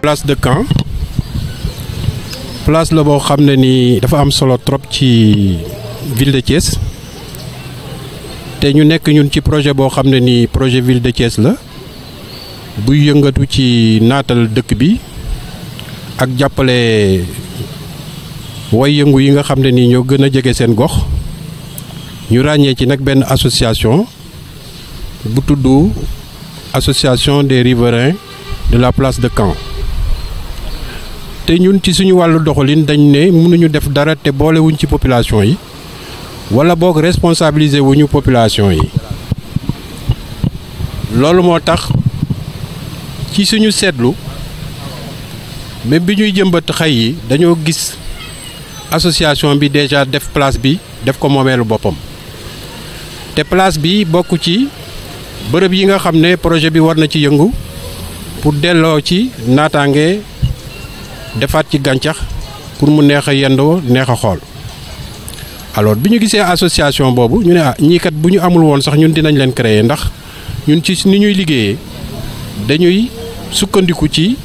place de camp place la bo xamné ni dafa am solo trop ci ville de Thiès té ñu nekk ñun ci projet bo xamné ni projet ville de Thiès la bu yëngatu ci natal dëkk bi ak jàppale way yëngu yi nga xamné ni ñoo gëna jëgé sen gox ñu ci nak association bu association des riverains de la place de Camp te ñun ci suñu wàllu doxalin dañ ne mënuñu def dara te boolewuñ ci population yi wala boog responsabiliser wuñu population yi loolu moo tax ci suñu seetlu même bi ñuy jëmbat xay yi dañoo gis association bi déjà def place bi def ko moomeelu boppam te place bi bokk ci bërëb yi nga xam ne projet bi war na ci yëngu pour delloo ci naataange. defaat ci gàncax pour mu neex a yendoo neex a xool alors bi ñu gisee association boobu ñu ne ah ñiikat kat bu ñu amul woon sax ñun dinañ leen créer ndax ñun ci ni ñuy liggéeyee dañuy sukkandiku ci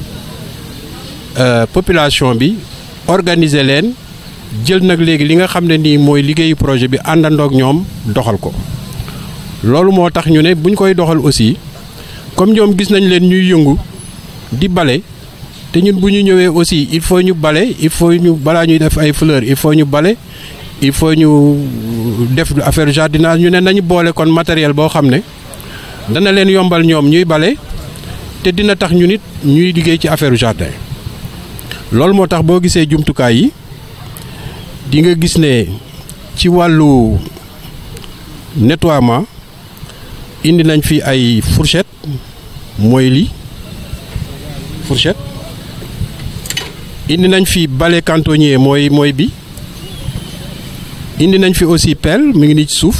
euh, population bi organiser leen jël nag léegi li nga xam ne nii mooy liggéeyu projet bi àndandoog ñoom doxal ko loolu moo tax ñu ne buñ koy doxal aussi comme ñoom gis nañ leen ñuy yëngu di bale te ñun bu ñu ñëwee aussi il faut ñu bale il faut ñu balaa ñuy def ay fleurs il faut ñu bale il faut ñu def affaire jardinage ñu ne nañu boole kon matériel boo xam ne dana leen yombal ñoom ñuy bale te dina tax ñu nit ñuy liggéey ci affaire jardin loolu moo tax boo gisee jumtukaay yi di nga gis ne ci wàllu nettoiement indi nañ fi ay fourchette mooy lii fourchette indi nañ fi bale cantonnier mooy mooy bi indi nañ fi aussi pelle mu ngi nii ci suuf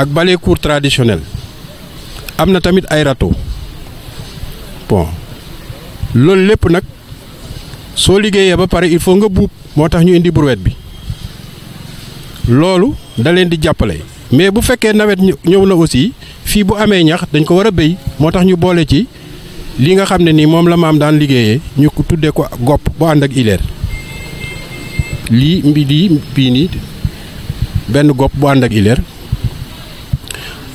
ak bale court traditionnel am na tamit ay râteau bon loolu lépp nag soo liggéeyee ba pare il faut nga buub moo tax ñu indi brouette bi loolu da leen di jàppale mais bu fekkee nawet ñëw na aussi fii bu amee ñax dañ ko war a béy moo tax ñu boole ci. li nga xam ni mom la maam daan liggéeyee ñu tuddé ko gop bo and ak li li mbi di gop ni ben gop bu and ak ileer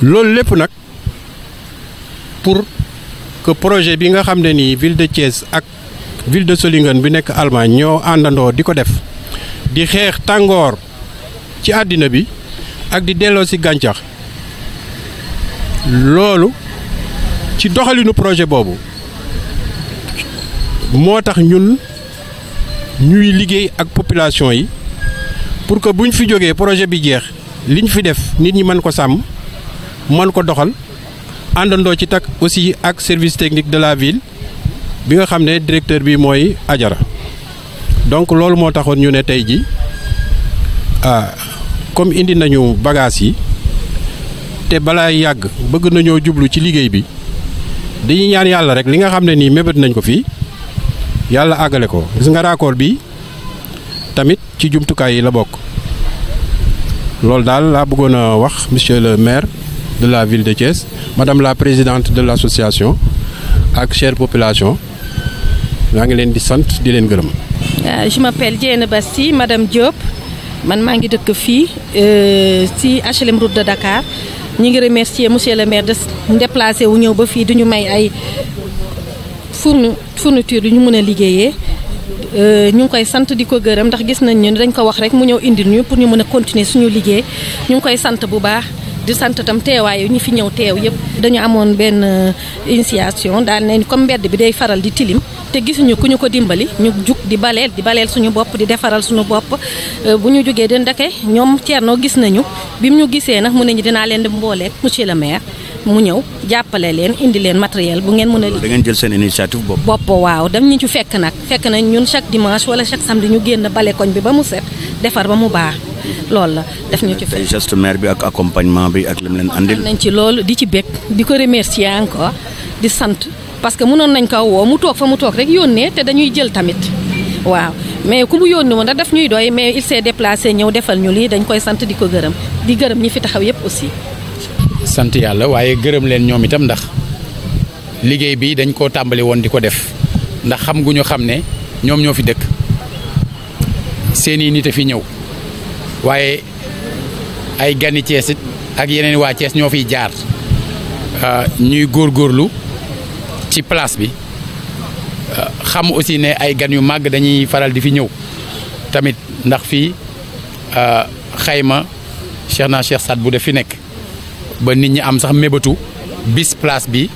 lool lepp nak pour que projet bi nga xam ni ville de Thiès ak ville de Solingen bi nek Allemagne ño andando di def di xex tangor ci adina bi ak di delo ci gàncax loolu ci doxalinu projet bobu moo tax ñun ñuy liggéey ak population yi pour que buñ fi jógee projet bi jeex liñ fi def nit ñi mën ko sàmm mën ko doxal àndandoo ci tak aussi ak service technique de la ville bi nga xam directeur bi moy ajara donc loolu moo taxoon ñu ji ah comme indi nañu bagage yi te balaa yàgg bëgg nañoo jublu ci liggéey bi dañuy ñaan yàlla rek li nga xam ne nii nañ ko yàlla àggale ko gis nga raccord bi tamit ci jumtukaay yi la bokk loolu daal laa bëggoon a wax monsieur le maire de la ville de Thiès madame la présidente de l'association ak chère population maa ngi leen di sant di leen gërëm. Euh, je m'appelle Diène Basti madame Diop man maa ngi dëkk fii euh, ci HLM route de Dakar ñu ngi remercier monsieur le maire de déplacé wu ñëw ba fii du ñu may ay fourni fourniture yi ñu mën a liggéeyee euh, ñu ngi koy sant di ko gërëm ndax gis nañ ne dañ ko wax rek mu ñëw indi ñu pour ñu mën a continuer suñu liggéey ñu ngi koy sant bu baax di sant tam teewaay yi ñu fi ñëw teew yëpp. dañu amoon benn euh, initiation daal ne comme mbedd bi day faral di tilim te gisuñu ku ñu ko dimbali ñu jug di baleel di baleel suñu bopp di defaral suñu bopp euh, bu ñu jógee den ndake ñoom Thierno gis nañu bi bim ñu gisee nag mu ne ñu dinaa leen di mbooleeg monsieur le maire. mu ñew jappalé leen indi leen matériel bu ngeen mëna da ngeen jël seen initiative bop bop waaw dem ñu ci fekk nak fekk na ñun chaque dimanche wala chaque samedi ñu genn balé koñ bi ba mu set défar ba mu baax lool la def ñu ci fekk geste maire bi ak accompagnement bi ak lim leen andil nañ ci lool di ci bég di ko remercier encore di sante parce que mënon nañ ko wo mu tok fa mu tok rek yónnee te dañuy jël tamit waaw mais ku mu yónni woon daf ñuy doy mais il s'est déplacé ñëw defal ñu li dañ koy sante di ko gëreum di gëreum ñi fi taxaw yépp aussi sant yàlla waaye gërëm leen ñoom itam ndax liggéey bi dañ koo tàmbali woon di ko def ndax xam gu ñu xam ne ñoom ñoo fi dëkk seeni nit a fi ñëw waaye ay gani Cees it ak yeneen waa Cees ñoo fiy jaar ah, ñuy góorgóorlu ci place bi ah, xam aussi ne ay gan yu màgg dañuy faral di fi ñëw tamit ndax fii ah, xayma Cheikh naa Cheikh Saad bu def fi nekk ba nit ñi am sax mébatu bis place bi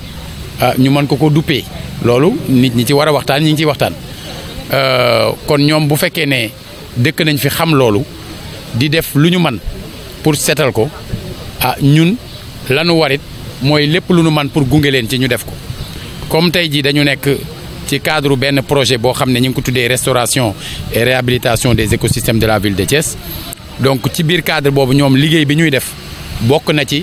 ah, ñu mën ko ko duppee loolu nit ñi ci war a waxtaan ñi ngi ciy waxtaan euh, kon ñoom bu fekkee ne dëkk nañ fi xam loolu di def lu ñu man pour seetal ko ah ñun lanu warit mooy lépp lu ñu man pour gunge leen ci ñu def ko comme tey jii dañu nekk ci cadre benn projet boo xam ne ñu ngi ko tuddee restauration et réhabilitation des écosystèmes de la ville de Thiès donc ci biir cadre boobu ñoom liggéey bi ñuy def bokk na ci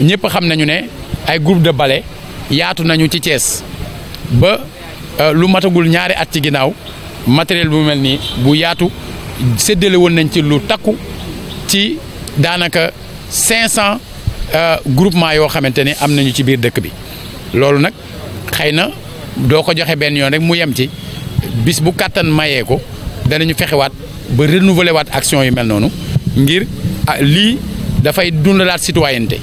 ñëpp xam nañu ne ay groupe de bale yaatu nañu ci cees ba euh, lu matagul ñaari at ci ginnaaw matériel bu mel nii bu yaatu séddale woon nañ ci lu takku ci daanaka cinq cent euh, groupement yoo xamante ne am nañu ci biir dëkk bi loolu nag xëy na doo ko joxe benn yoon rek mu yem ci bis bu kàttan mayee ko danañu fexewaat ba renouveler waat action yu mel noonu ngir ah, lii dafay dundalaat citoyenneté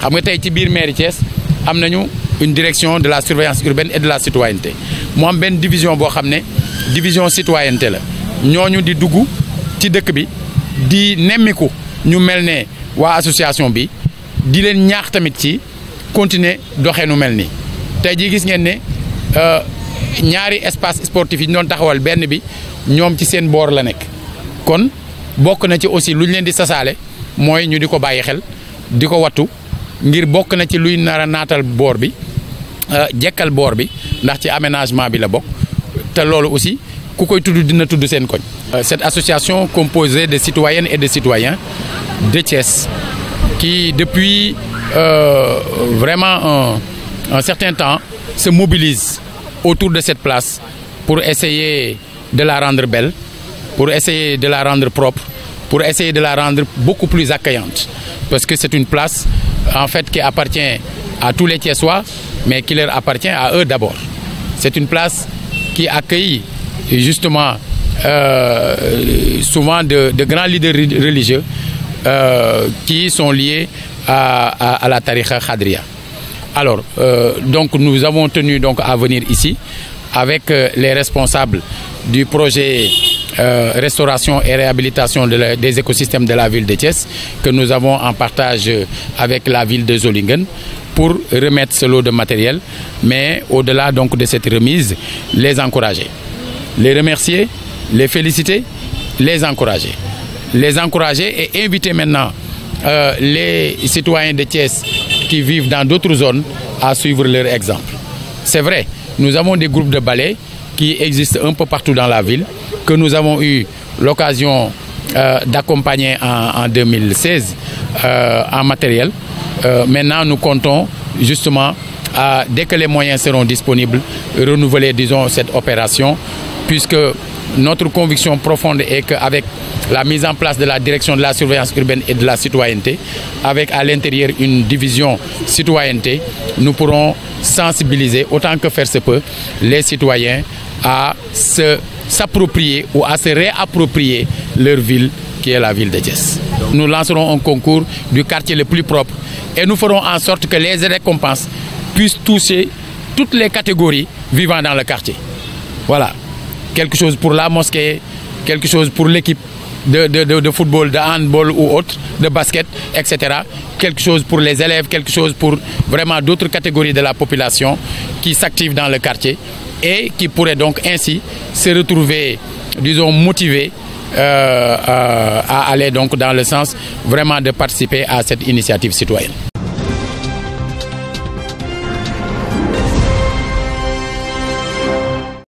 xam nga tey ci biir mairie Thiès am nañu une direction de la surveillance urbaine et de la citoyenneté moom benn division boo xam ne division citoyenneté la ñooñu di dugg ci dëkk bi di nemmiku ñu mel ne waa association bi di leen ñaax tamit ci continuer doxee nu mel nii tey ji gis ngeen ne euh, ñaari espace sportif yi ñu doon taxawal benn bi ñoom ci seen boor la nekk kon bokk na ci aussi lu ñu leen di sasaale mooy ñu di ko bàyyi xel di ko wattu ngir bokk na ci luy aménagement cette association composée de citoyennes et de citoyens de Thiès qui depuis euh, vraiment un, un certain temps se mobilise autour de cette place pour essayer de la rendre belle, pour essayer de la rendre propre pour essayer de la rendre beaucoup plus accueillante. Parce que c'est une place en fait qui appartient à tous les Tiesois, mais qui leur appartient à eux d'abord. C'est une place qui accueille justement euh, souvent de, grands leaders religieux euh, qui sont liés à, la tariqa khadria. Alors, euh, donc nous avons tenu donc à venir ici avec les responsables du projet euh, restauration et réhabilitation des écosystèmes de la ville de Thiès que nous avons en partage avec la ville de Zollingen pour remettre ce lot de matériel, mais au-delà donc de cette remise, les encourager, les remercier, les féliciter, les encourager, les encourager et inviter maintenant euh, les citoyens de Thiès qui vivent dans d'autres zones à suivre leur exemple. C'est vrai, nous avons des groupes de ballets qui existe un peu partout dans la ville, que nous avons eu l'occasion euh, d'accompagner en, 2016 euh, en matériel. Euh, maintenant, nous comptons justement, dès que les moyens seront disponibles, renouveler, disons, cette opération, puisque notre conviction profonde est qu'avec la mise en place de la direction de la surveillance urbaine et de la citoyenneté, avec à l'intérieur une division citoyenneté, nous pourrons sensibiliser autant que faire se peut les citoyens à s'approprier ou à se réapproprier leur ville qui est la ville de Jess. Nous lancerons un concours du quartier le plus propre et nous ferons en sorte que les récompenses puissent toucher toutes les catégories vivant dans le quartier. Voilà, quelque chose pour la mosquée, quelque chose pour l'équipe de, football, de handball ou autre, de basket, etc. Quelque chose pour les élèves, quelque chose pour vraiment d'autres catégories de la population qui s'activent dans le quartier et qui pourraient donc ainsi se retrouver, disons, motivés euh, euh, à aller donc dans le sens vraiment de participer à cette initiative citoyenne.